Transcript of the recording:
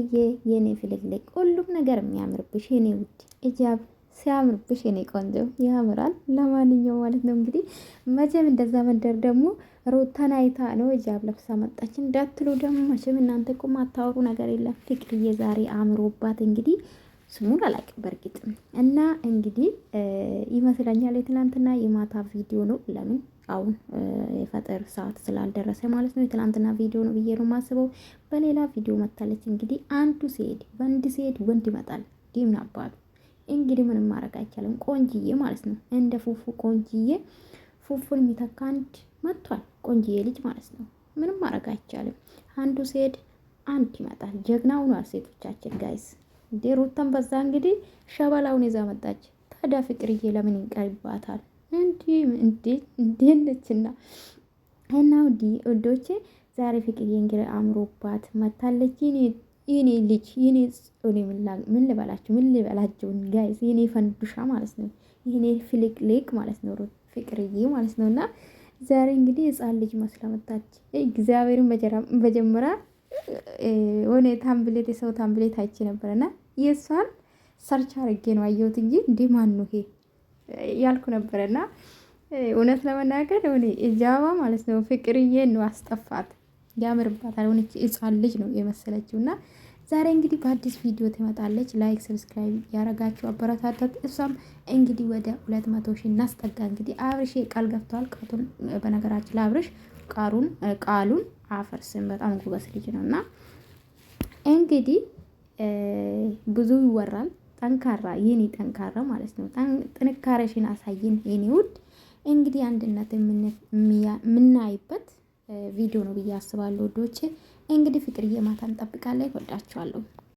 ፍቅርዬ የኔ ፍልቅልቅ ሁሉም ነገር የሚያምርብሽ የኔ ውድ እጃብ ሲያምርብሽ የኔ ቆንጆ ያምራል። ለማንኛውም ማለት ነው እንግዲህ መቼም እንደዛ መንደር ደግሞ ሩታን አይታ ነው እጃብ ለብሳ መጣች እንዳትሉ ደግሞ መቼም እናንተ ቁም አታወሩ ነገር የለም። ፍቅርዬ ዛሬ አምሮባት እንግዲህ ስሙን አላውቅም በእርግጥ እና እንግዲህ ይመስለኛል የትናንትና የማታ ቪዲዮ ነው። ለምን አሁን የፈጠር ሰዓት ስላልደረሰ ማለት ነው። የትናንትና ቪዲዮ ነው ብዬ ነው ማስበው በሌላ ቪዲዮ መታለች። እንግዲህ አንዱ ሲሄድ ወንድ ሲሄድ ወንድ ይመጣል። ዲም ናባሉ እንግዲህ ምንም ማድረግ አይቻልም። ቆንጅዬ ማለት ነው እንደ ፉፉ ቆንጅዬ ፉፉን የሚተካ አንድ መጥቷል። ቆንጅዬ ልጅ ማለት ነው። ምንም ማድረግ አይቻልም። አንዱ ሲሄድ አንድ ይመጣል። ጀግና ሆኗል ሴቶቻችን ጋይስ እንዴ ሩታን በዛ እንግዲህ ሸበላውን ይዛ መጣች። ታዲያ ፍቅርዬ ለምን ይቀርባታል? እንዲህ እንዴ እንደነችና እና ውዲ ውዶቼ ዛሬ ፍቅርዬ እንግዲህ አምሮባት መታለች። ይኔ ልጅ ይኔ ምን ልበላችሁ ምን ልበላችሁ ጋይስ ይኔ ፈንዱሻ ማለት ነው። ይኔ ፍልቅልቅ ማለት ነው። ፍቅርዬ ማለት ነው። እና ዛሬ እንግዲህ ህፃን ልጅ መስላ መጣች። እግዚአብሔርን በጀመራ ሆነ ታምብሌት የሰው ታምብሌት አይቼ ነበር እና የእሷን ሰርች አርጌ ነው አየሁት እንጂ እንዴ ማን ነው ይሄ ያልኩ ነበረ እውነት ለመናገር ሆኔ እጃባ ማለት ነው ፍቅርዬ ነው አስጠፋት። ያምርባታል። ሆነች ህፃን ልጅ ነው የመሰለችው እና ዛሬ እንግዲህ በአዲስ ቪዲዮ ትመጣለች። ላይክ ሰብስክራይብ ያረጋችሁ አበረታታት። እሷም እንግዲህ ወደ ሁለት መቶ ሺ እናስጠጋ። እንግዲህ አብርሽ ቃል ገብተዋል። ቃቱን በነገራችን ለአብርሽ ቃሩን ቃሉን አፈርስም በጣም ጎበስ ልጅ ነው። እና እንግዲህ ብዙ ይወራል። ጠንካራ የኔ ጠንካራ ማለት ነው። ጥንካሬሽን አሳይን የኔ ውድ። እንግዲህ አንድነት የምናይበት ቪዲዮ ነው ብዬ አስባለሁ ውዶቼ። እንግዲህ ፍቅርዬ ማታ እንጠብቃለን። ወዳችኋለሁ።